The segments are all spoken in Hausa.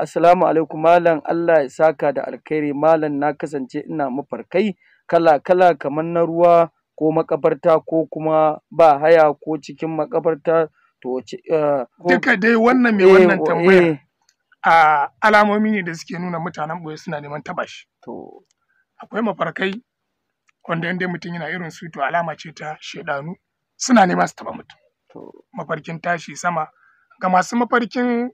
assalamu alaikum malam Allah ya saka da alkhairi malam na kasance ina mafarkai kala kala kamar na ruwa ko makabarta ko kuma ba haya ko cikin makabarta to eh, duka dai wannan mai eh, wannan eh. tambaya a alamomi ne da suke nuna mutanen boye suna neman tabashi shi to akwai mafarkai wanda inda mutum yana irin su to alama ce ta shedanu suna neman su taba mutum mafarkin tashi sama ga masu mafarkin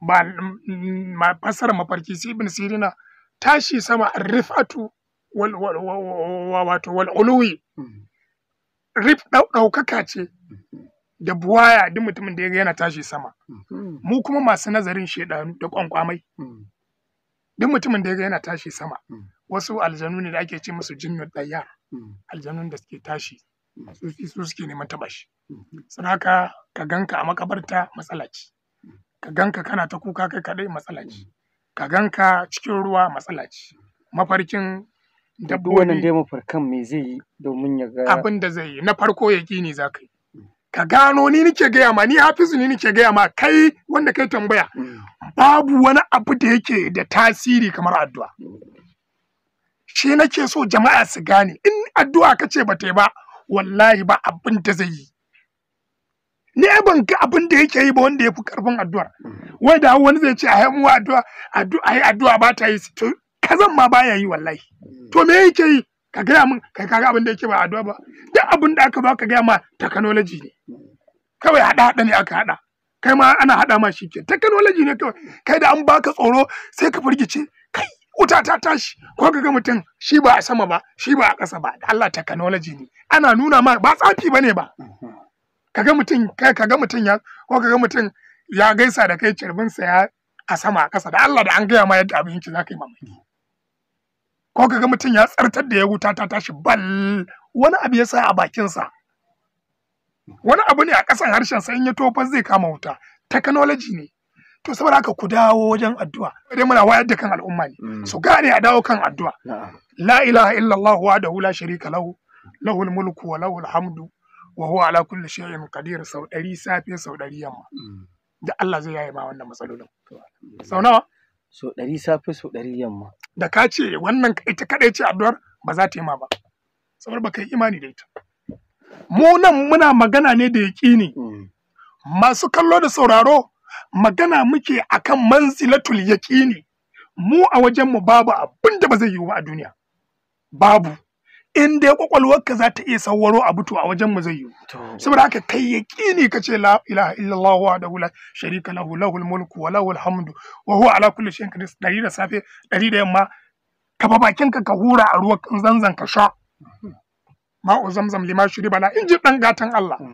ba fasara mafarki sai ibn sirina tashi sama rifatu wal wato wal uluwi mm-hmm. rif ɗaukaka ce mm-hmm. da buwaya duk mutumin da ya yana tashi sama mm-hmm. mu kuma masu nazarin shedanu da kwankwamai duk mutumin da ya yana tashi sama wasu aljanu ne da ake ce musu jinnun ɗayyar aljanun da suke tashi su suke neman taba shi. Sun haka ka ganka a makabarta matsala ce. ka ganka kana ta kuka kai kaɗai matsala ce mm. ka ganka cikin ruwa matsala ce mafarkin dabbobi wannan dai mafarkan me zai yi domin ya ga abin da zai yi na farko ne za ka yi mm. ka gano ni nake gaya ma ni hafizu ni nake gaya ma kai wanda kai tambaya mm. babu wani abu da yake da tasiri kamar addu'a shi nake so jama'a su gane in addu'a ka ce ba ta yi ba wallahi ba abin da zai yi ne ban ga abin da yake yi ba wanda ya fi karfin addu'ar wai da wani zai ce a yi mu addu'a addu'a yi addu'a ba ta yi to kazan ma baya yi wallahi to me yake yi ka gaya min kai kaga abin da yake ba addu'a ba duk abin da aka baka gaya ma technology ne kawai hada hada ne aka hada kai ma ana hada ma shi ke technology ne kawai kai da an baka tsoro sai ka furgice kai wuta ta tashi ko ka ga mutum shi ba a sama ba shi ba a ƙasa ba Allah technology ne ana nuna ma ba tsafi ne ba kaga mutum kaga mutum ya ko kaga mutum ya gaisa da kai sa ya a sama a kasa da Allah da an gaya ma yadda abin yake za ka yi mamaki ko kaga mutum ya tsartar da ya wuta ta tashi bal wani abu ya sa a bakinsa wani abu ne a kasan harshen sa in ya tofa zai kama wuta technology ne to saboda haka ku dawo wajen addu'a dai muna wayar da kan al'umma ne mm. su gane a dawo kan addu'a la ilaha illallah wahdahu la sharika lahu lahul mulku wa lahul hamdu wa huwa ala kulli shay'in qadir sau ɗari safe sau ɗari yamma mm. da Allah zai yaye ma wannan matsalolin sau nawa sau ɗari safe sau ɗari yamma da ka ce wannan ita kaɗai ce addu'ar ba za ta yi ma ba saboda ba ka yi imani da ita mu nan muna magana ne da yaqini mm. masu kallo da sauraro magana muke akan manzilatul yaqini mu a wajen mu babu abin da ba zai yiwu ba a duniya babu in dai ka za ta iya sauwaro a butu a wajen mu zai yi saboda haka kai yaqini ka ce la ilaha illallah wa da la sharika lahu lahul mulku wa lahul hamdu wa huwa ala kulli shay'in qadir dari da safe dari da yamma ka ba bakin ka ka hura a ruwan zanzan ka sha hmm. ma'u zamzam lima injin bala injin dan gatan Allah hmm.